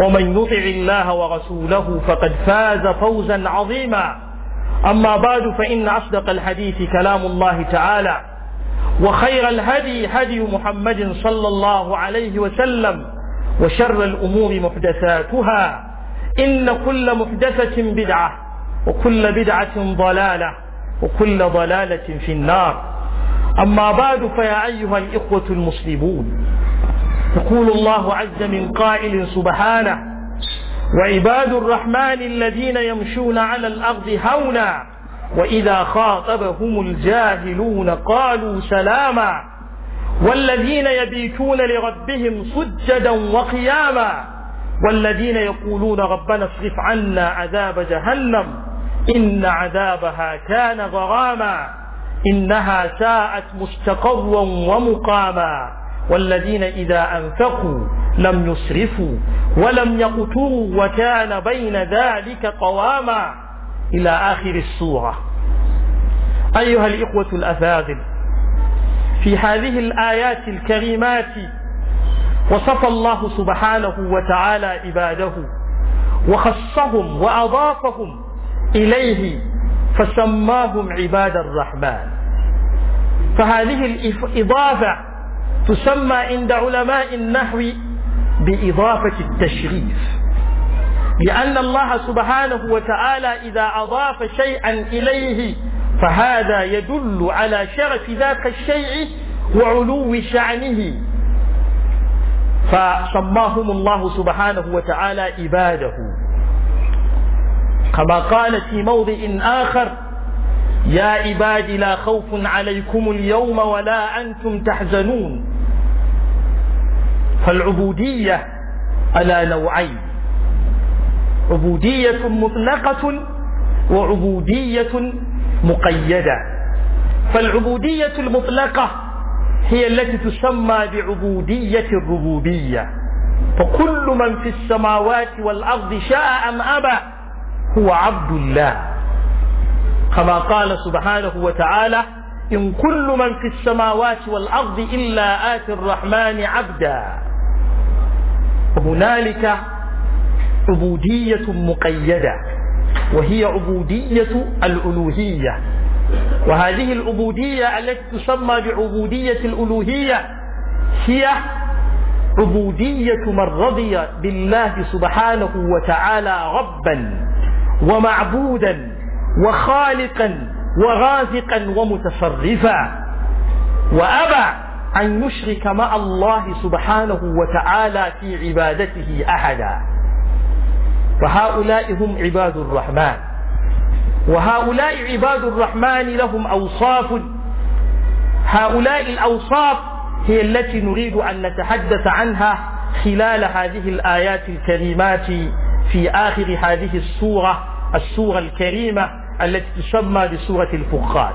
ومن يطع الله ورسوله فقد فاز فوزا عظيما أما بعد فإن أصدق الحديث كلام الله تعالى وخير الهدي هدي محمد صلى الله عليه وسلم وشر الأمور محدثاتها إن كل محدثة بدعة وكل بدعة ضلالة وكل ضلالة في النار أما بعد فيا أيها الإخوة المسلمون يقول الله عز من قائل سبحانه وعباد الرحمن الذين يمشون على الأرض هونا وإذا خاطبهم الجاهلون قالوا سلاما والذين يبيتون لربهم سجدا وقياما والذين يقولون ربنا اصرف عنا عذاب جهنم إن عذابها كان غراما إنها ساءت مستقرا ومقاما والذين إذا أنفقوا لم يسرفوا ولم يقتروا وكان بين ذلك قواما إلى آخر السورة أيها الإخوة الأفاضل في هذه الآيات الكريمات وصف الله سبحانه وتعالى عباده وخصهم وأضافهم إليه فسماهم عباد الرحمن فهذه الإضافة تسمى عند علماء النحو بإضافة التشريف لأن الله سبحانه وتعالى إذا أضاف شيئا إليه فهذا يدل على شرف ذاك الشيء وعلو شأنه فسماهم الله سبحانه وتعالى عباده كما قال في موضع آخر يا عباد لا خوف عليكم اليوم ولا أنتم تحزنون فالعبودية على نوعين عبودية مطلقة وعبودية مقيدة فالعبودية المطلقة هي التي تسمى بعبودية الربوبية فكل من في السماوات والأرض شاء أم أبى هو عبد الله كما قال سبحانه وتعالى إن كل من في السماوات والأرض إلا آتي الرحمن عبدا هنالك عبودية مقيدة وهي عبودية الألوهية وهذه العبودية التي تسمى بعبودية الألوهية هي عبودية من رضي بالله سبحانه وتعالى ربا ومعبودا وخالقا ورازقا ومتصرفا وأبى أن يشرك مع الله سبحانه وتعالى في عبادته أحدا فهؤلاء هم عباد الرحمن وهؤلاء عباد الرحمن لهم أوصاف هؤلاء الأوصاف هي التي نريد أن نتحدث عنها خلال هذه الآيات الكريمات في آخر هذه السورة السورة الكريمة التي تسمى بسورة الفخار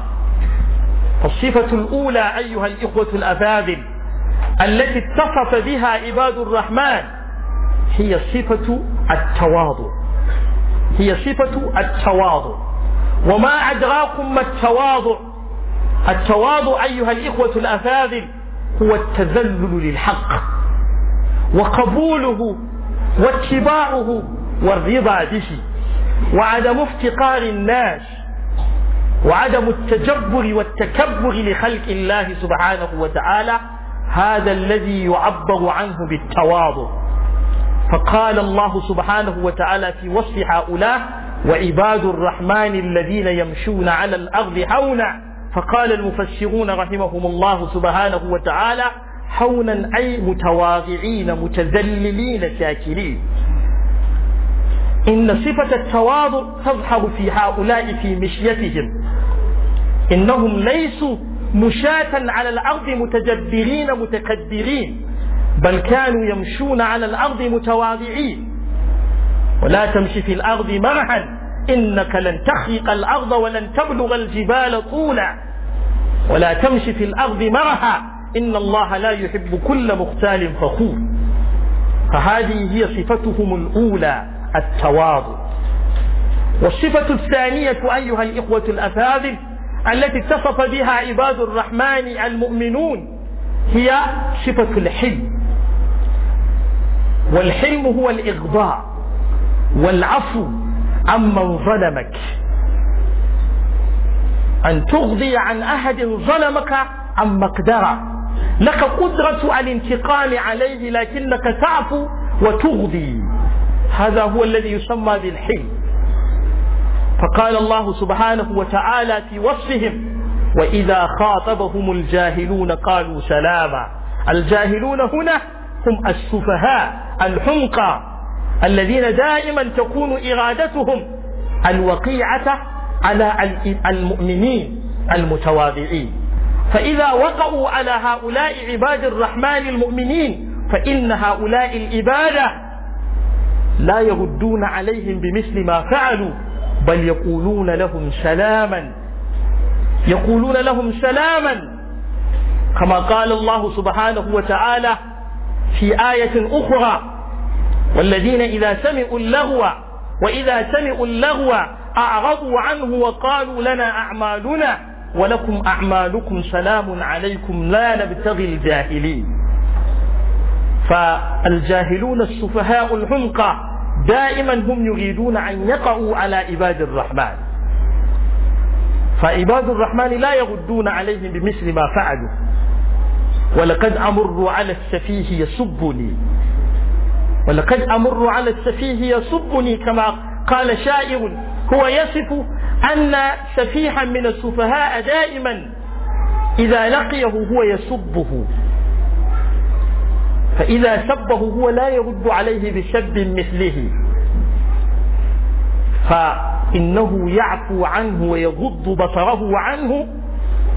الصفة الأولى أيها الإخوة الأفاضل التي اتصف بها عباد الرحمن هي صفة التواضع هي صفة التواضع وما أدراكم ما التواضع التواضع أيها الإخوة الأفاضل هو التذلل للحق وقبوله واتباعه والرضا به وعدم افتقار الناس وعدم التجبر والتكبر لخلق الله سبحانه وتعالى هذا الذي يعبر عنه بالتواضع فقال الله سبحانه وتعالى في وصف هؤلاء وعباد الرحمن الذين يمشون على الأرض هونا فقال المفسرون رحمهم الله سبحانه وتعالى هونا أي متواضعين متذللين شاكرين إن صفة التواضع تظهر في هؤلاء في مشيتهم إنهم ليسوا مشاة على الأرض متجبرين متكبرين بل كانوا يمشون على الأرض متواضعين ولا تمشي في الأرض مرحا إنك لن تخرق الأرض ولن تبلغ الجبال طولا ولا تمشي في الأرض مرحا إن الله لا يحب كل مختال فخور فهذه هي صفتهم الأولى التواضع والصفة الثانية أيها الإخوة الأفاضل التي اتصف بها عباد الرحمن المؤمنون هي صفة الحلم والحلم هو الإغضاء والعفو عمن ظلمك أن تغضي عن أحد ظلمك عن مقدره لك قدرة الانتقام عليه لكنك تعفو وتغضي هذا هو الذي يسمى بالحلم فقال الله سبحانه وتعالى في وصفهم وإذا خاطبهم الجاهلون قالوا سلاما الجاهلون هنا هم السفهاء الحمقى الذين دائما تكون إرادتهم الوقيعة على المؤمنين المتواضعين فإذا وقعوا على هؤلاء عباد الرحمن المؤمنين فإن هؤلاء العبادة لا يردون عليهم بمثل ما فعلوا بل يقولون لهم سلاما يقولون لهم سلاما كما قال الله سبحانه وتعالى في آية أخرى والذين إذا سمعوا اللغو وإذا سمعوا اللغو أعرضوا عنه وقالوا لنا أعمالنا ولكم أعمالكم سلام عليكم لا نبتغي الجاهلين فالجاهلون السفهاء الحمقى دائما هم يريدون أن يقعوا على عباد الرحمن فعباد الرحمن لا يردون عليهم بمثل ما فعلوا ولقد أمر على السفيه يسبني ولقد أمر على السفيه يسبني كما قال شاعر هو يصف أن سفيحا من السفهاء دائما إذا لقيه هو يسبه فإذا سبه هو لا يرد عليه بشب مثله فإنه يعفو عنه ويغض بصره عنه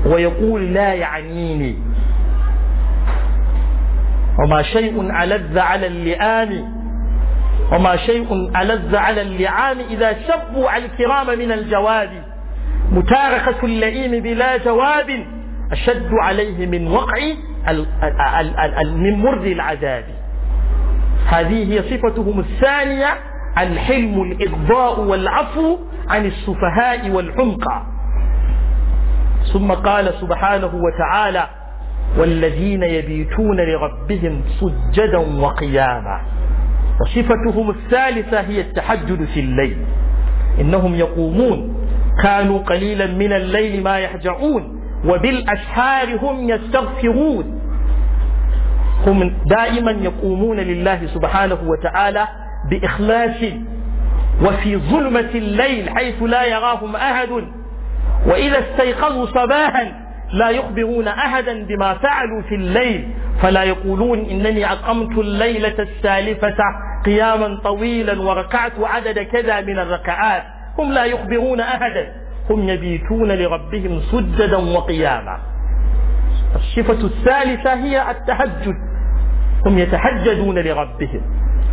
ويقول لا يعنيني وما شيء ألذ على اللئام وما شيء ألذ على اللعان إذا شبوا على الكرام من الجواب متاركة اللئيم بلا جواب أشد عليه من وقع من مرد العذاب هذه هي صفتهم الثانية الحلم الإغضاء والعفو عن السفهاء والعمق ثم قال سبحانه وتعالى والذين يبيتون لربهم سجدا وقياما وصفتهم الثالثة هي التحجد في الليل إنهم يقومون كانوا قليلا من الليل ما يهجعون وبالأسحار هم يستغفرون هم دائما يقومون لله سبحانه وتعالى بإخلاص وفي ظلمة الليل حيث لا يراهم أحد وإذا استيقظوا صباحا لا يخبرون أحدا بما فعلوا في الليل فلا يقولون إنني أقمت الليلة السالفة قياما طويلا وركعت عدد كذا من الركعات هم لا يخبرون أحدا هم يبيتون لربهم سجدا وقياما الصفة الثالثة هي التهجد هم يتهجدون لربهم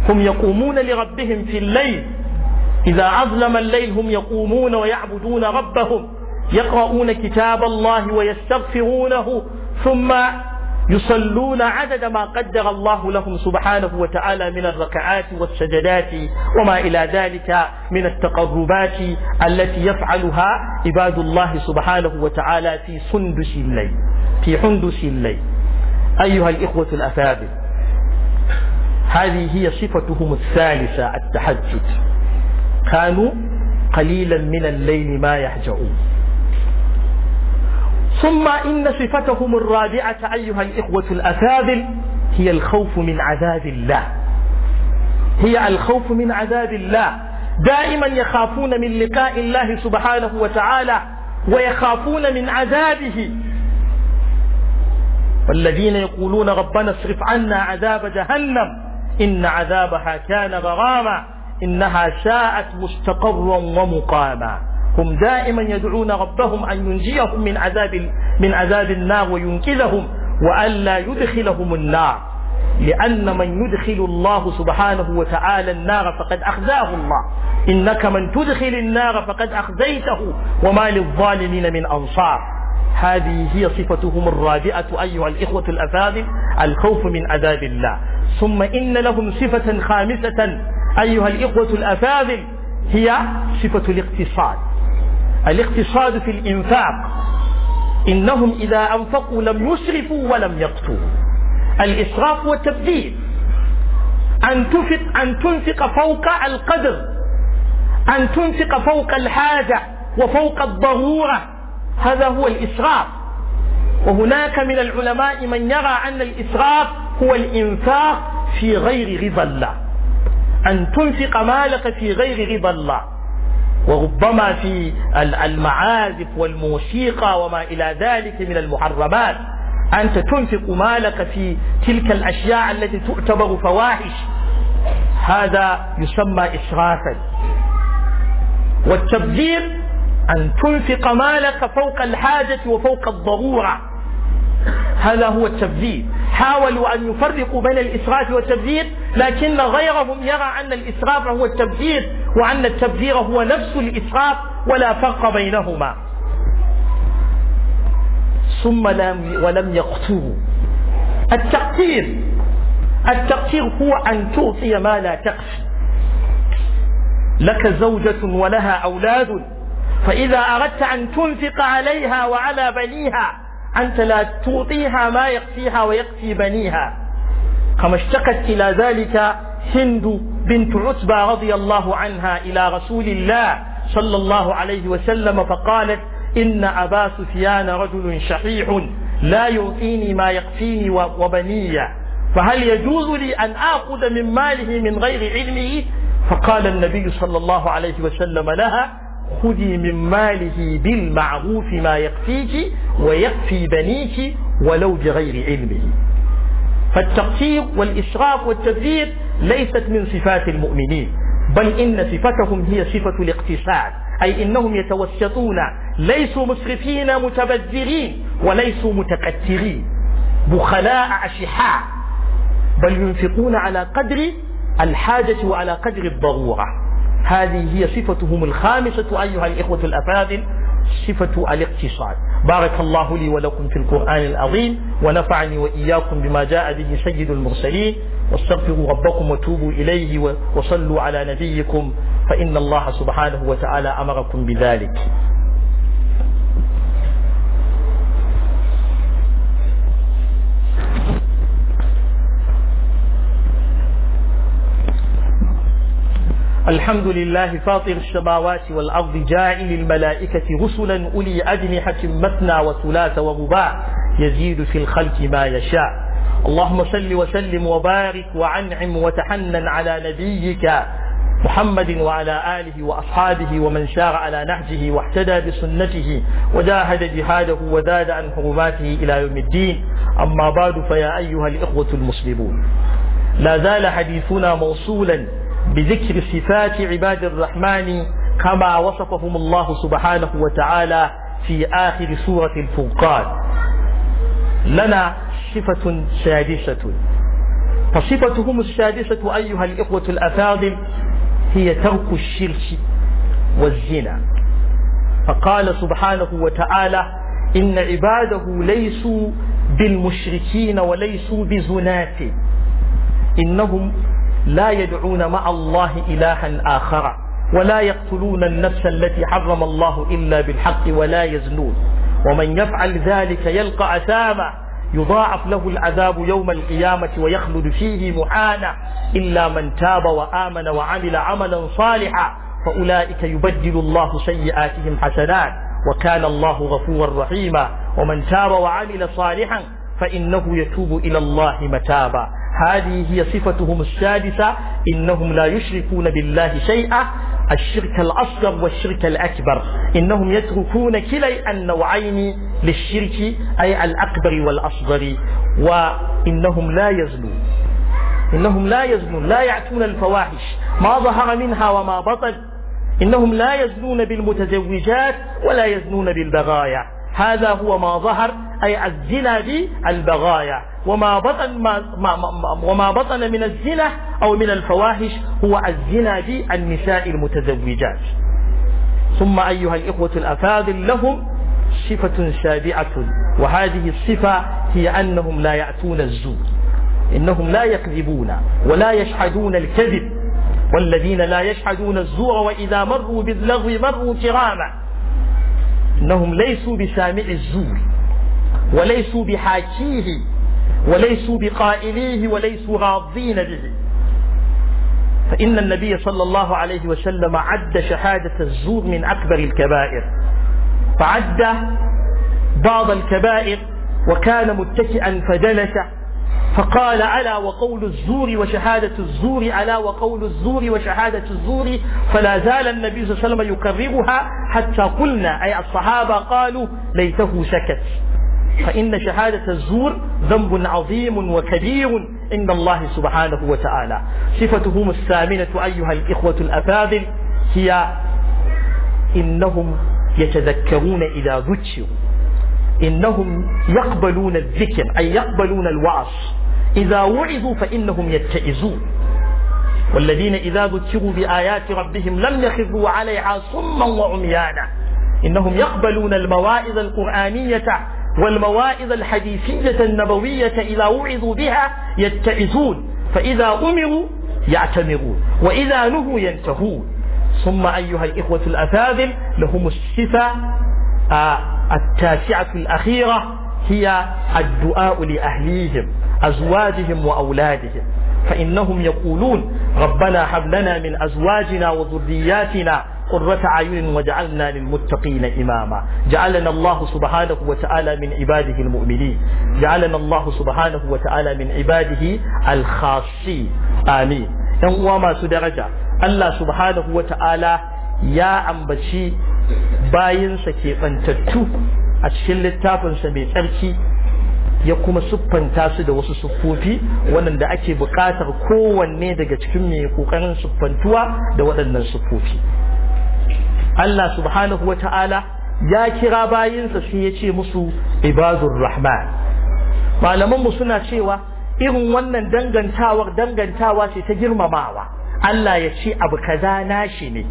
هم يقومون لربهم في الليل إذا أظلم الليل هم يقومون ويعبدون ربهم يقرؤون كتاب الله ويستغفرونه ثم يصلون عدد ما قدر الله لهم سبحانه وتعالى من الركعات والسجدات وما إلى ذلك من التقربات التي يفعلها عباد الله سبحانه وتعالى في سندس الليل في حندس الليل أيها الإخوة الأفاضل هذه هي صفتهم الثالثة التحجد كانوا قليلا من الليل ما يهجؤون ثم إن صفتهم الرابعة أيها الإخوة الأكابر هي الخوف من عذاب الله هي الخوف من عذاب الله دائما يخافون من لقاء الله سبحانه وتعالى ويخافون من عذابه والذين يقولون ربنا اصرف عنا عذاب جهنم إن عذابها كان غراما إنها ساءت مستقرا ومقاما هم دائما يدعون ربهم أن ينجيهم من عذاب من عذاب النار وينقذهم وألا يدخلهم النار لأن من يدخل الله سبحانه وتعالى النار فقد أخزاه الله إنك من تدخل النار فقد أخزيته وما للظالمين من أنصار هذه هي صفتهم الرابعة أيها الإخوة الأفاضل الخوف من عذاب الله ثم إن لهم صفة خامسة أيها الإخوة الأفاضل هي صفة الاقتصاد الاقتصاد في الإنفاق إنهم إذا أنفقوا لم يسرفوا ولم يقتوا الإسراف والتبذير أن تنفق أن تنفق فوق القدر أن تنفق فوق الحاجة وفوق الضرورة هذا هو الإسراف وهناك من العلماء من يرى أن الإسراف هو الإنفاق في غير رضا الله أن تنفق مالك في غير رضا الله وربما في المعازف والموسيقى وما إلى ذلك من المحرمات أنت تنفق مالك في تلك الأشياء التي تعتبر فواحش هذا يسمى إسرافا والتبذير أن تنفق مالك فوق الحاجة وفوق الضرورة هذا هو التبذير حاولوا أن يفرقوا بين الإسراف والتبذير لكن غيرهم يرى أن الإسراف هو التبذير وأن التبذير هو نفس الإسراف ولا فرق بينهما ثم لم ولم يقتلوا التقتير التقتير هو أن تعطي ما لا تقصي لك زوجة ولها أولاد فإذا أردت أن تنفق عليها وعلى بنيها أنت لا تعطيها ما يكفيها ويكفي بنيها كما اشتكت إلى ذلك هند بنت عتبة رضي الله عنها إلى رسول الله صلى الله عليه وسلم فقالت إن أبا سفيان رجل شحيح لا يعطيني ما يكفيني وبني فهل يجوز لي أن آخذ من ماله من غير علمه فقال النبي صلى الله عليه وسلم لها خذي من ماله بالمعروف ما يكفيك ويكفي بنيك ولو بغير علمه فالتقصير والإشراف والتبذير ليست من صفات المؤمنين بل إن صفتهم هي صفة الاقتصاد أي إنهم يتوسطون ليسوا مسرفين متبذرين وليسوا متكترين بخلاء أشحاء بل ينفقون على قدر الحاجة وعلى قدر الضرورة هذه هي صفتهم الخامسة أيها الإخوة الأفاضل صفة الاقتصاد بارك الله لي ولكم في القرآن العظيم ونفعني وإياكم بما جاء به سيد المرسلين واستغفروا ربكم وتوبوا إليه وصلوا على نبيكم فإن الله سبحانه وتعالى أمركم بذلك الحمد لله فاطر السماوات والأرض جاعل الملائكة رسلا أولي أجنحة مثنى وثلاث ورباع يزيد في الخلق ما يشاء اللهم صل وسلم وبارك وعنعم وتحنن على نبيك محمد وعلى آله وأصحابه ومن شار على نهجه واحتدى بسنته وجاهد جهاده وزاد عن حرماته إلى يوم الدين أما بعد فيا أيها الإخوة المسلمون لا زال حديثنا موصولا بذكر صفات عباد الرحمن كما وصفهم الله سبحانه وتعالى في آخر سورة الفرقان لنا صفة سادسة فصفتهم السادسة أيها الإخوة الأفاضل هي ترك الشرك والزنا فقال سبحانه وتعالى إن عباده ليسوا بالمشركين وليسوا بزناة إنهم لا يدعون مع الله إلها آخر ولا يقتلون النفس التي حرم الله إلا بالحق ولا يزنون ومن يفعل ذلك يلقى أثاما يضاعف له العذاب يوم القيامة ويخلد فيه محانا إلا من تاب وآمن وعمل عملا صالحا فأولئك يبدل الله سيئاتهم حسنات وكان الله غفورا رحيما ومن تاب وعمل صالحا فإنه يتوب إلى الله متابا هذه هي صفتهم السادسة إنهم لا يشركون بالله شيئا الشرك الأصغر والشرك الأكبر إنهم يتركون كلي النوعين للشرك أي الأكبر والأصغر وإنهم لا يزنون إنهم لا يزنون لا يعتون الفواحش ما ظهر منها وما بطن إنهم لا يزنون بالمتزوجات ولا يزنون بالبغايا هذا هو ما ظهر أي الزنا دي البغايا وما بطن, ما ما ما وما بطن من الزنا أو من الفواحش هو الزنا دي النساء المتزوجات ثم أيها الإخوة الأفاضل لهم صفة سابعة وهذه الصفة هي أنهم لا يأتون الزور إنهم لا يكذبون ولا يشهدون الكذب والذين لا يشهدون الزور وإذا مروا باللغو مروا كراما إنهم ليسوا بسامع الزور وليسوا بحاكيه وليسوا بقائليه وليسوا راضين به فإن النبي صلى الله عليه وسلم عد شهادة الزور من أكبر الكبائر فعد بعض الكبائر وكان متكئا فجلس فقال ألا وقول الزور وشهادة الزور ألا وقول الزور وشهادة الزور فلا زال النبي صلى الله عليه وسلم يكررها حتى قلنا أي الصحابة قالوا ليته سكت فإن شهادة الزور ذنب عظيم وكبير عند الله سبحانه وتعالى صفتهم الثامنة أيها الإخوة الأفاضل هي إنهم يتذكرون إذا ذكروا إنهم يقبلون الذكر أي يقبلون الوعظ إذا وعظوا فإنهم يتئزون والذين إذا ذكروا بآيات ربهم لم يخفوا عليها صما وعميانا إنهم يقبلون المواعظ القرآنية والمواعظ الحديثية النبوية إذا وعظوا بها يتعظون فإذا أمروا يعتمرون وإذا نهوا ينتهون ثم أيها الإخوة الأفاضل لهم الصفة آه، التاسعة الأخيرة هي الدعاء لأهليهم أزواجهم وأولادهم فإنهم يقولون ربنا هب لنا من أزواجنا وذرياتنا قرة عين وجعلنا للمتقين إماما جعلنا الله سبحانه وتعالى من عباده المؤمنين جعلنا الله سبحانه وتعالى من عباده الخاصين آمين إن وما سدرجة الله سبحانه وتعالى يا أنبشي باين سكي أنتتو أتشل التافن سميت أركي ya kuma siffanta su da wasu siffofi waɗanda ake buƙatar kowanne daga cikin mai ƙoƙarin siffantuwa da waɗannan siffofi Allah subhanahu wata'ala ya kira bayinsa sun ya ce musu ibadur rahman malaman mu suna cewa irin wannan dangantawar dangantawa ce ta girmamawa Allah ya ce abu kaza nashi ne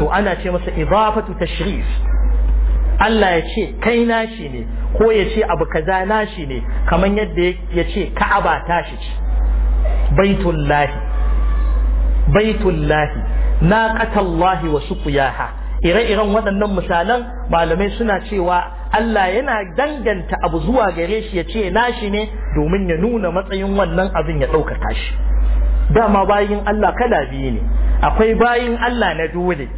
to ana ce masa idafatu tashrif Allah ya ce kai nashi ne ko ya ce abu kaza nashi ne kamar yadda ya ce ka'aba tashi ce baitullahi baitullahi Na naqatallahi wa suqiyaha ire-iren waɗannan misalan malamai suna cewa Allah yana danganta abu zuwa gare shi ya ce nashi ne domin ya nuna matsayin wannan abin ya ɗaukaka shi dama bayin Allah kala biyu ne akwai bayin Allah na dole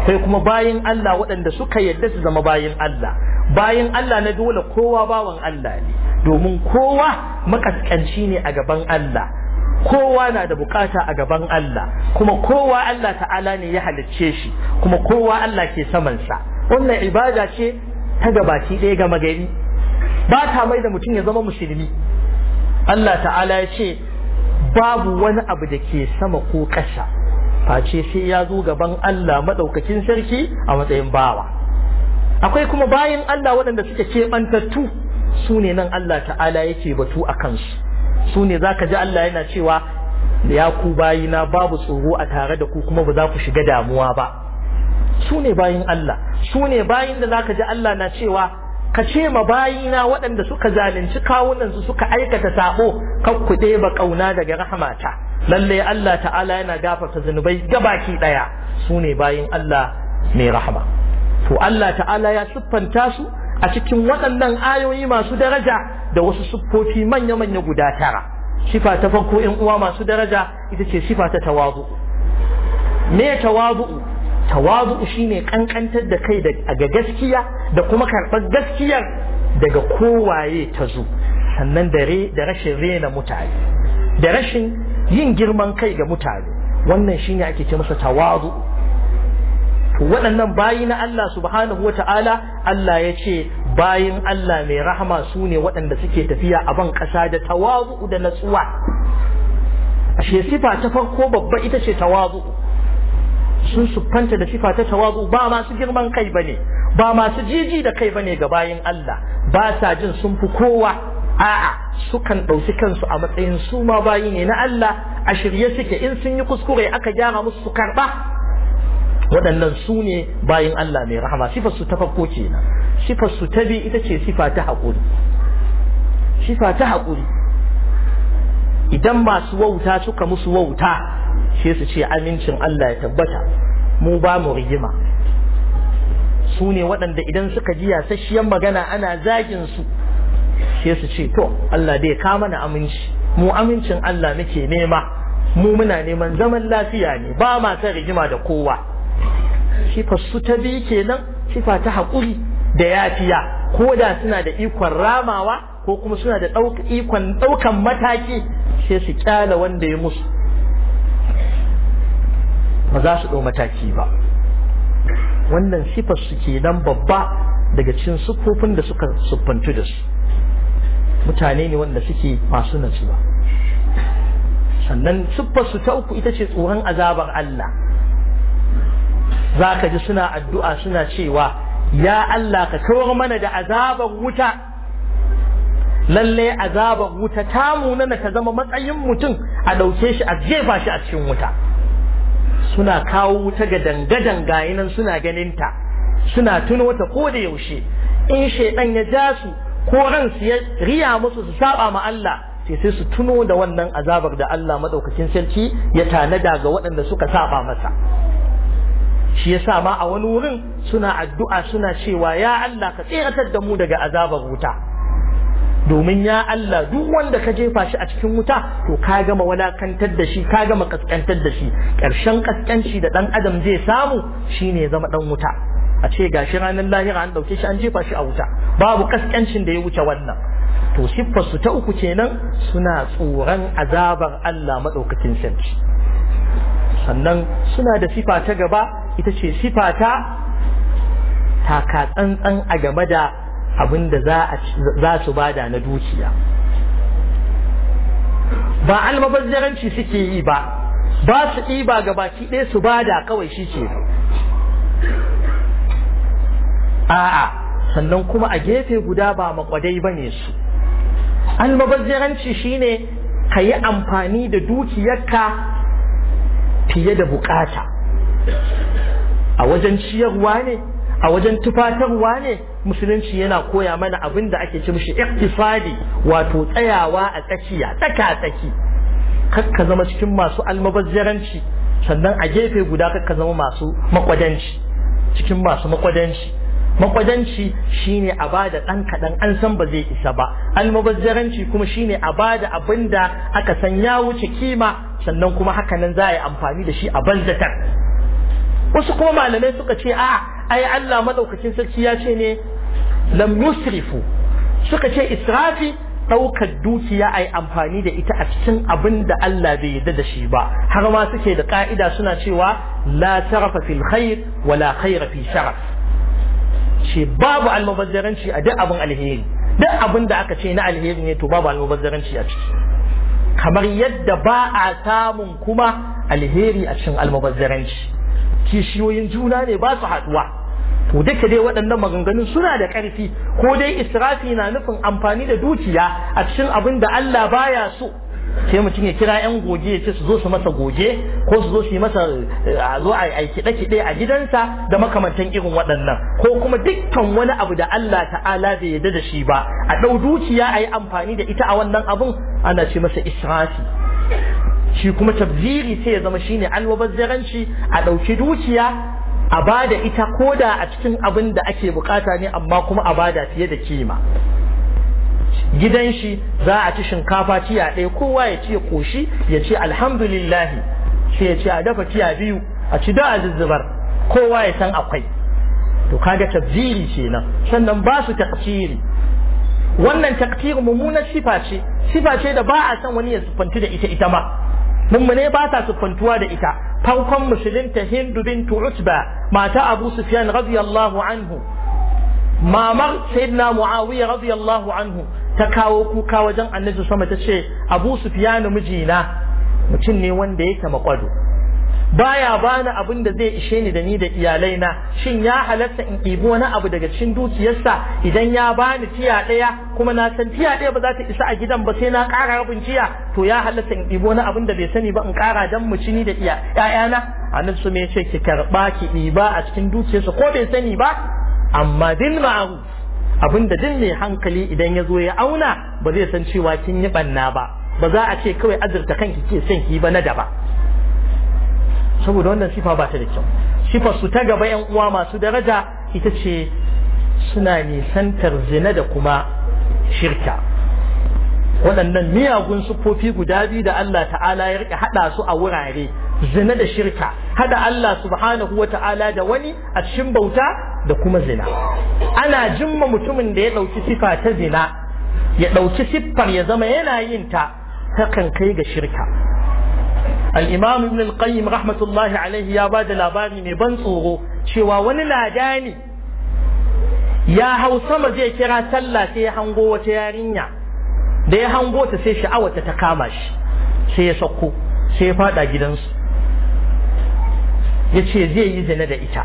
akwai kuma bayin Allah waɗanda suka yarda su zama bayin Allah bayin Allah na dole kowa bawan Allah ne domin kowa makaskanci ne a gaban Allah kowa na da bukata a gaban Allah kuma kowa Allah ta'ala ne ya halicce shi kuma kowa Allah ke saman sa. wannan ibada ce ta gabaki ɗaya gama gari ba ta mai da mutum ya zama musulmi Allah ta'ala ya ce babu wani abu da ke sama ko ƙasa face sai ya zo gaban Allah maɗaukakin sarki a matsayin bawa akwai kuma bayin Allah waɗanda suke keɓantattu su ne nan Allah ta'ala yake batu a kansu su ne za ka ji Allah yana cewa ya ku bayina babu tsoro a tare da ku kuma ba za ku shiga damuwa ba su ne bayin Allah su ne bayin da za ka ji Allah na cewa ka ce ma bayina waɗanda suka zalunci kawunansu suka aikata sabo kan ku ɗeba ƙauna daga rahamata lallai Allah ta'ala yana gafarta zunubai gabaki ɗaya su ne bayin Allah mai rahama to Allah ta'ala ya siffanta su a cikin waɗannan ayoyi masu daraja da wasu siffofi manya-manya guda tara sifa ta farko in uwa masu daraja ita ce sifa ta tawazu me tawazu tawazu shine kankantar da kai daga gaskiya da kuma karɓar gaskiyar daga kowaye ta zo sannan da da rashin rena mutane da rashin yin girman kai ga mutane wannan shine ake ce masa tawazu waɗannan bayi na Allah subhanahu wa Allah ya ce bayin Allah mai rahama su ne waɗanda suke tafiya a ban ƙasa da tawazu da natsuwa ashe sifa ta farko babba ita ce tawazu sun siffanta da sifa ta tawazu ba masu girman kai bane ba masu jiji da kai bane ga bayin Allah ba sa jin sun fi kowa a'a sukan ɗauki kansu a matsayin su ma bayi ne na Allah a shirye suke in sun yi kuskure aka gyara musu su karɓa waɗannan su ne bayin Allah mai rahama sifar su ta farko kenan sifar su ta bi ita ce sifa ta haƙuri sifa ta haƙuri idan masu wauta suka musu wauta sai su ce amincin Allah ya tabbata mu ba mu rigima su ne waɗanda idan suka ji yasasshiyar magana ana zagin su sai su ce to Allah dai ka mana aminci mu amincin Allah muke nema mu muna neman zaman lafiya ne ba ma rigima da kowa sifar su ta biyu kenan sifa ta haƙuri da yafiya ko da suna da ikon ramawa ko kuma suna da ikon ɗaukan mataki sai su kyala wanda ya musu ba za su ɗau mataki ba wannan sifar su kenan babba daga cikin siffofin da suka siffantu da su mutane ne wanda suke masu natsuwa sannan siffar su ta uku ita ce tsoron azabar Allah za ka ji suna addu'a suna cewa ya Allah ka kawar mana da azabar wuta lallai azabar wuta ta munana ta zama matsayin mutum a ɗauke shi a jefa shi a cikin wuta suna kawo wuta ga danga-danga nan suna ganinta suna tuno ta ko da yaushe in shaidan ya ja su ko ransu ya riya musu su saba ma Allah sai sai su tuno da wannan azabar da Allah madaukakin sarki ya tanada ga waɗanda suka saba masa shi yasa ma a wani wurin suna addu'a suna cewa ya Allah ka tseratar da mu daga azabar wuta domin ya Allah duk wanda ka jefa shi a cikin wuta to ka gama walakantar da shi ka gama kaskantar da shi ƙarshen kaskanci da ɗan adam zai samu shine zama ɗan wuta a ce gashi ranar lahira an ɗauke shi an jefa shi a wuta babu kaskancin da ya wuce wannan to siffarsu ta uku kenan suna tsoron azabar Allah maɗaukakin sarki sannan suna da sifa ta gaba ita ce sifa ta taka tsantsan a game da abin da za su bada na dukiya ba almabazzaranci suke yi ba ba su ɗiba ga baki ɗaya su bada kawai shi ce. a'a sannan kuma a gefe guda ba makwadai ba ne su almabazzaranci shine ka yi amfani da dukiyarka fiye da bukata a wajen ciyarwa ne a wajen tufatarwa ne musulunci yana koya mana abin da ake ci mishi iktisadi wato tsayawa a tsakiya tsaka tsaki kakka zama cikin masu almabazzaranci sannan a gefe guda kakka zama masu makwadanci cikin masu makwadanci makwadanci shine a bada ɗan kaɗan an san ba zai isa ba almubazzaranci kuma shine a bada abin da aka san ya wuce kima sannan kuma hakanan za a yi amfani da shi a banzatar wasu kuma malamai suka ce a ai Allah madaukakin sarki ya ce ne lam yusrifu suka ce israfi ɗaukar dukiya a yi amfani da ita a cikin abin da Allah bai yarda da shi ba har ma suke da ƙa'ida suna cewa la tarafa fil khair wa la khaira fi sharaf ce babu almubazzaranci a duk abin alheri duk abin da aka ce na alheri ne to babu almubazzaranci a ciki kamar yadda ba a samun kuma alheri a cikin almubazzaranci kishiyoyin juna ne ba su haɗuwa to duka dai waɗannan maganganun suna da ƙarfi ko dai israfi na nufin amfani da dukiya a cikin abin da Allah baya so sai mutum ya kira yan goge ya ce su zo su masa goge ko su zo su yi masa eh, a zo a yi kiɗe kiɗe a gidansa da makamantan irin waɗannan ko kuma dukkan wani abu da Allah ta'ala bai yarda da shi ba a ɗau dukiya a yi amfani da ita a wannan abun ana ce masa israfi shi kuma tabziri sai ya zama shine alwabazzaranci a ɗauki dukiya a bada ita koda a cikin abin da ake bukata ne amma kuma a bada fiye da kima gidan shi za a ci shinkafa ciya ɗaya kowa ya ce koshi ya ce alhamdulillah sai ya ce a dafa ciya biyu a ci da zuzzubar kowa ya san akwai to kaga tabziri kenan sannan ba su taqsiri wannan taqsir mummunar sifa ce sifa ce da ba a san wani ya sufanti da ita ita ma mummune ba ta sufantuwa da ita farkon musulunta hindu bin utba mata abu sufyan radiyallahu anhu mamar sayyidina muawiya radiyallahu anhu ta kawo kuka wajen annabi sama ta ce abu sufyan mijina mutum ne wanda yake makwado baya bani abin da zai ishe ni da ni da iyalaina shin ya halatta in ɗibi wani abu daga cikin dukiyarsa idan ya bani tiya ɗaya kuma na san tiya ɗaya ba za ta isa a gidan ba sai na kara rabin tiya to ya halatta in ibo wani abin da bai sani ba in kara dan mu ni da iya na. su me ce ki karba ki ɗiba a cikin dukiyarsa ko bai sani ba amma bil ma'ruf abin da din mai hankali idan ya zo ya auna ba zai san cewa kin yi banna ba ba za a ce kawai azurta kanki ke son ki ba na daba saboda wannan sifa ba ta da kyau sifar su ta gaba yan uwa masu daraja ita ce suna nisantar zina da kuma shirka waɗannan miyagun sufofi guda biyu da Allah ta'ala ya rika haɗa su a wurare zina da shirka haɗa Allah subhanahu wa ta'ala da wani a cikin bauta da kuma zina ana jimma mutumin da ya ɗauki sifa ta zina ya ɗauki siffar ya zama yana yin ta takan kai ga shirka al-imam ibn al-qayyim rahmatullahi alaihi ya ba da labari mai ban tsoro cewa wani lada ne ya hau sama zai kira sallah sai ya hango wata yarinya da ya hango ta sai sha'awata ta kama shi sai ya sauko sai ya faɗa gidansu ya ce zai yi zina da ita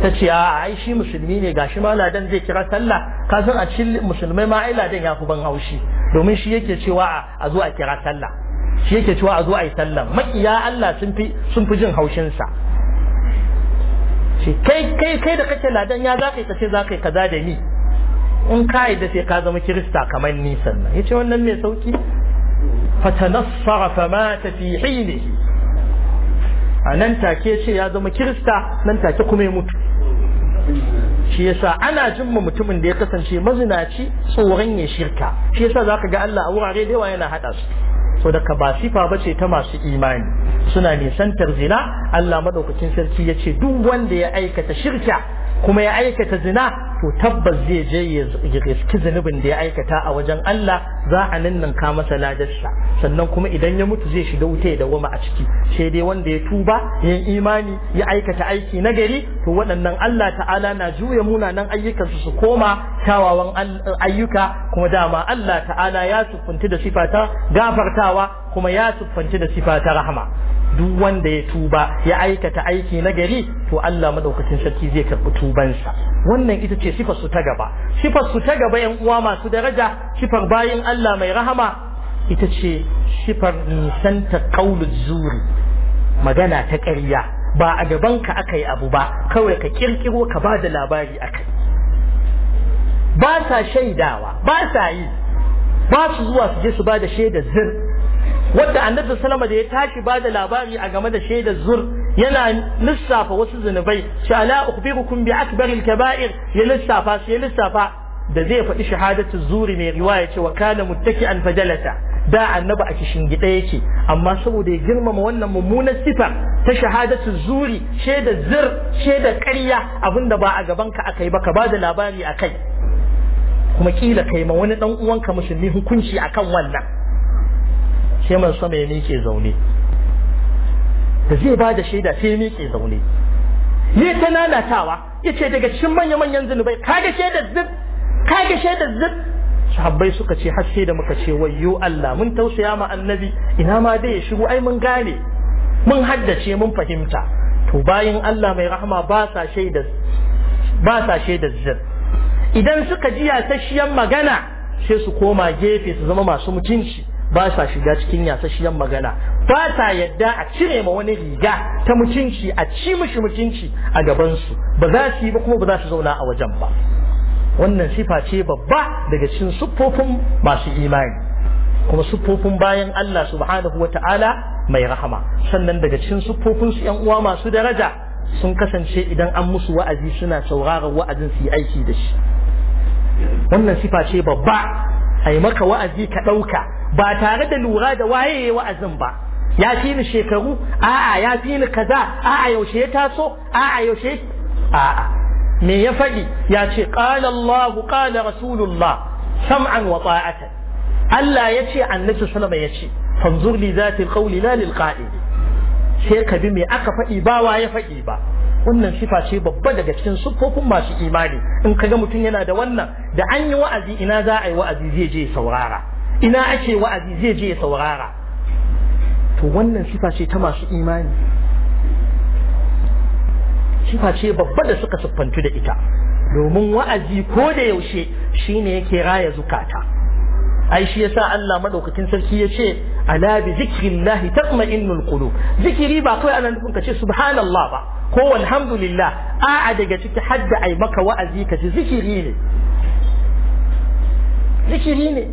ta ce a ai shi musulmi ne gashi ma ladan zai kira sallah ka san a cikin musulmai ma ai ladan ya fi ban haushi domin shi yake cewa a zo a kira sallah shi yake cewa a zo a yi sallan makiya Allah sun fi sun fi jin haushin sa kai kai kai da kake ladan ya za ka yi kace za kaza da ni in ka yi da sai ka zama kirista kamar ni sannan yace wannan mai sauki fatanassara mata fi hilihi a nan take ce ya zama kirista nan take kuma ya mutu shi yasa ana jin mu mutumin da ya kasance mazinaci tsoron ya shirka shi yasa zaka ga Allah a wurare da yawa yana hada su so daga ba sifa ba ce ta masu imani suna nisantar zina Allah madaukakin sarki ya ce duk wanda ya aikata shirka kuma ya aikata zina to tabbas zai je ya riski zunubin da ya aikata a wajen Allah za a ka masa ladarsa sannan kuma idan ya mutu zai shiga wuta ya dawoma a ciki sai dai wanda ya tuba ya imani ya aikata aiki na gari to waɗannan Allah ta'ala na juya munanan ayyukan su koma kyawawan ayyuka kuma dama Allah ta'ala ya sufunti da sifata gafartawa kuma ya siffanci da sifa ta rahama duk wanda ya tuba ya aikata aiki na gari to Allah madaukakin sarki zai karɓi tubansa wannan ita ce sifar su ta gaba sifar su ta gaba yan uwa masu daraja sifar bayin Allah mai rahama ita ce sifar nisanta qauluz zuri magana ta ƙarya ba a gaban ka yi abu ba kawai ka kirkiro ka ba da labari akai ba sa shaidawa ba sa yi ba su zuwa su je su ba da shaidar zir wadda annabi sallama da ya tashi ba da labari a game da shaidar zur yana lissafa wasu zunubai sha la ukhbirukum bi akbaril kaba'ir ya lissafa sai lissafa da zai faɗi shahadatu zuri mai riwaya ce wa kana muttaki'an fajalata da annabi a kishin gida yake amma saboda ya girmama wannan mummunan sifa ta shahadatu zuri shaida zir karya, ƙarya abinda ba a gaban ka akai ba ka ba da labari akai kuma kila kai ma wani dan uwanka musulmi hukunci akan wannan sai man sama ya miƙe zaune da zai ba da shaida sai ya miƙe zaune ne ta nanatawa ya ce daga cikin manya-manyan zunubai kaga shaidar zub kaga shaidar zub sahabbai suka ce har sai da muka ce wayo Allah mun tausaya ma annabi ina ma dai ya shigo ai mun gane mun haddace mun fahimta to bayan Allah mai rahama ba sa shaida ba sa shaida zub idan suka ji yasasshiyar magana sai su koma gefe su zama masu mutunci ba sa shiga cikin yasashiyar magana ba sa yadda a cire ma wani riga ta mutunci a ci mishi mutunci a gabansu ba za su yi ba kuma ba za su zauna a wajen ba wannan sifa ce babba daga cikin siffofin masu imani kuma siffofin bayan Allah subhanahu wata'ala mai rahama sannan daga cikin siffofin su yan uwa masu daraja sun kasance idan an musu wa'azi suna sauraron wa'azin su yi aiki da shi wannan sifa ce babba ai maka wa'azi ka ɗauka ba tare da lura da waye wa'azin ba ya fi ni shekaru a'a ya fi ni kaza a'a yaushe ya taso a'a yaushe a'a me ya faɗi ya ce qala Allah qala rasulullah sam'an wa ta'atan Allah ya ce annabi sallama ya ce fanzur li zati alqawli la lil sai ka bi me aka faɗi ba wa ya faɗi ba wannan sifa ce babba daga cikin siffofin masu imani in kaga mutum yana da wannan da an yi wa'azi ina za a yi wa'azi zai je saurara ina ake wa'azi zai je ya saurara to wannan sifa ce ta masu imani sifa ce babba da suka siffantu da ita domin wa'azi ko da yaushe shine yake raya zukata ai shi yasa Allah madaukakin sarki yace ala bi zikrillah tatma'innul qulub zikiri ba kai ana nufin kace subhanallah ba ko alhamdulillah a'a daga ciki hadda ai maka wa'azi kace zikiri ne zikiri ne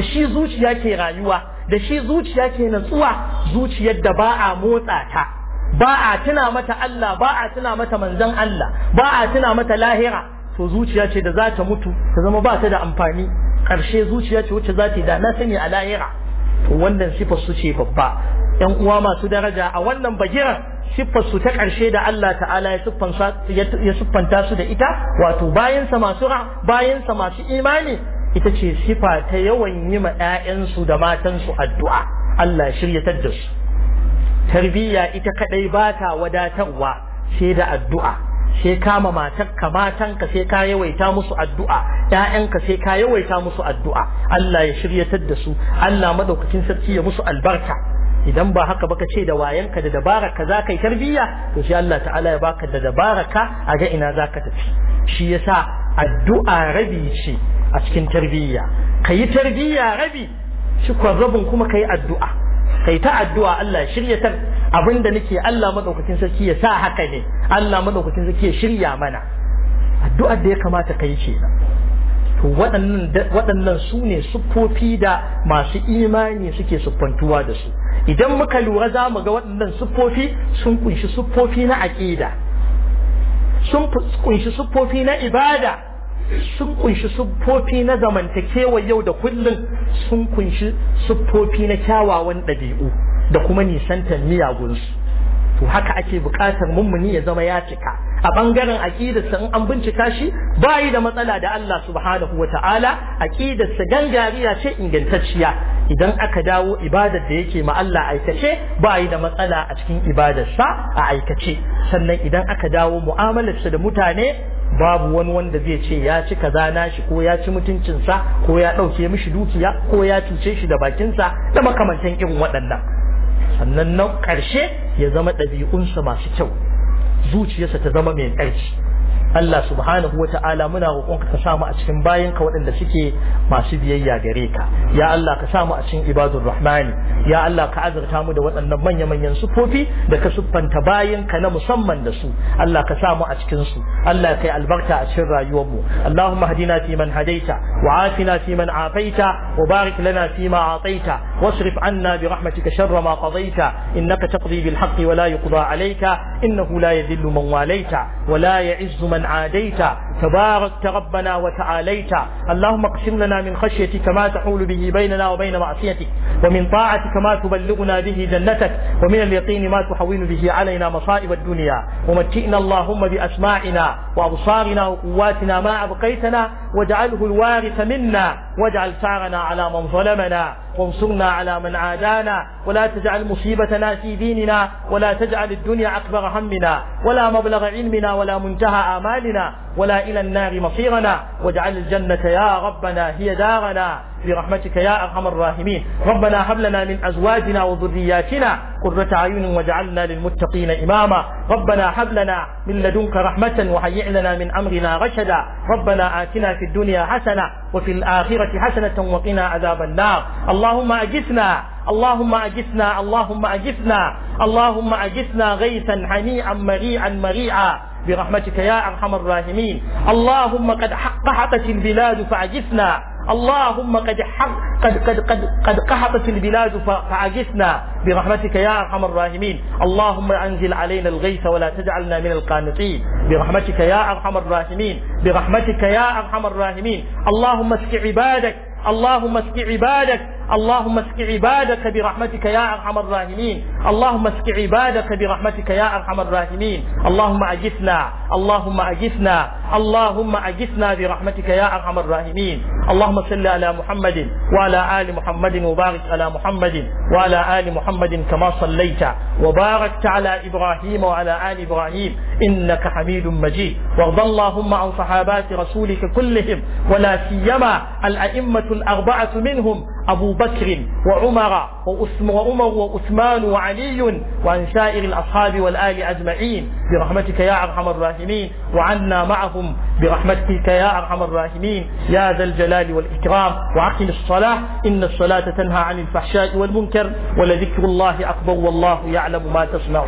da shi zuciya ke rayuwa da shi zuciya ke natsuwa zuciyar da ba a motsa ta ba a tuna mata Allah ba a tuna mata manzon Allah ba a tuna mata lahira to zuciya ce da za ta mutu ta zama ba ta da amfani ƙarshe zuciya ce wacce za ta yi da na sani a lahira to wannan sifar su ce babba yan uwa masu daraja a wannan bagiran siffar su ta ƙarshe da Allah ta'ala ya siffanta su da ita wato bayansa masu bayansa masu imani ita ce sifa ta yawan yi ma 'ya'yansu da matansu addu'a Allah shiryatar da su tarbiyya ita kadai ba ta wadatarwa sai da addu'a sai kama matarka matanka sai ka yawaita musu addu'a ‘ya'yanka sai ka yawaita musu addu'a Allah ya shiryatar da su Allah madaukakin sarki ya musu albarka idan ba haka baka ce da wayanka da dabaraka za ka yi tarbiyya to sai Allah ta'ala ya baka da dabaraka a ga ina za ka tafi shi yasa addu'a rabi ce a cikin tarbiyya kayi tarbiyya rabi shi rabin kuma kayi addu'a kai ta addu'a Allah shirya ta abinda nake Allah madaukakin sarki ya sa haka ne Allah madaukakin sarki ya shirya mana addu'ar da ya kamata yi ce to waɗannan su ne siffofi da masu imani suke siffantuwa da su idan muka lura za mu ga waɗannan siffofi sun kunshi siffofi na aƙida sun kunshi siffofi na ibada sun kunshi siffofi na zamantakewa yau da kullum sun kunshi siffofi na kyawawan ɗabi'u da kuma nisantar miyagunsu to haka ake buƙatar mummuni ya zama ya cika a ɓangaren aƙidarsa in an bincika shi ba yi da matsala da Allah subhanahu wa ta'ala aƙidarsa gangariya ce ingantacciya idan aka dawo ibadar da yake ma Allah aikace ba yi da matsala a cikin ibadarsa a aikace sannan idan aka dawo mu'amalarsa da mutane babu wani wanda zai ce ya ci kaza shi ko ya ci mutuncinsa ko ya ɗauke mishi dukiya ko ya cuce shi da bakinsa da makamantan irin waɗannan sannan na ƙarshe ya zama ɗabi'unsa masu kyau zuciyarsa ta zama mai ƙarfi Allah subhanahu wata'ala muna roƙonka ka samu a cikin bayanka waɗanda suke masu biyayya gare ka ya Allah ka samu a cikin ibadur rahmani ya Allah ka azurta mu da waɗannan manya-manyan sufofi da ka siffanta bayan ka na musamman da su Allah ka samu a cikin su Allah kai albarka a cikin rayuwar mu Allahumma hadina fi man hadaita wa afina fi man afaita wa barik lana fi ma ataita wasrif anna bi rahmatika sharra ma qadaita innaka taqdi bil haqqi wa la yuqda alayka innahu la yadhillu man walaita wa la ya'izzu man من عاديت تبارك ربنا وتعاليت اللهم اقسم لنا من خشيتك ما تحول به بيننا وبين معصيتك ومن طاعتك ما تبلغنا به جنتك ومن اليقين ما تحول به علينا مصائب الدنيا ومتئنا اللهم بأسماعنا وأبصارنا وقواتنا ما أبقيتنا واجعله الوارث منا واجعل ثارنا على من ظلمنا وانصرنا على من عادانا ولا تجعل مصيبتنا في ديننا ولا تجعل الدنيا أكبر همنا ولا مبلغ علمنا ولا منتهى آمالنا ولا إلى النار مصيرنا واجعل الجنة يا ربنا هي دارنا برحمتك يا أرحم الراحمين ربنا هب لنا من أزواجنا وذرياتنا قرة أعين واجعلنا للمتقين إماما ربنا هب لنا من لدنك رحمة وهيئ لنا من أمرنا رشدا ربنا آتنا في الدنيا حسنة وفي الآخرة حسنة وقنا عذاب النار اللهم أجثنا اللهم أجثنا اللهم أجثنا اللهم أجثنا غيثا حنيئا مريئا مريئا برحمتك يا أرحم الراحمين اللهم قد قحطت البلاد فعجزنا اللهم قد قد قد قد قد قحطت البلاد فعجزنا برحمتك يا ارحم الراحمين، اللهم انزل علينا الغيث ولا تجعلنا من القانطين، برحمتك يا ارحم الراحمين، برحمتك يا ارحم الراحمين، اللهم اسق عبادك، اللهم اسق عبادك اللهم اسق عبادك برحمتك يا ارحم الراحمين اللهم اسق عبادك برحمتك يا ارحم الراحمين اللهم اجثنا اللهم اجثنا اللهم اجثنا برحمتك يا ارحم الراحمين اللهم صل على محمد وعلى ال محمد وبارك على محمد وعلى ال محمد كما صليت وباركت على ابراهيم وعلى ال ابراهيم انك حميد مجيد وارض اللهم عن صحابات رسولك كلهم ولا سيما الائمه الاربعه منهم ابو بكر وعمر وعمر وعثمان وعلي وعن سائر الأصحاب والآل أجمعين برحمتك يا أرحم الراحمين وعنا معهم برحمتك يا أرحم الراحمين يا ذا الجلال والإكرام وأقم الصلاة إن الصلاة تنهى عن الفحشاء والمنكر ولذكر الله أكبر والله يعلم ما تصنعون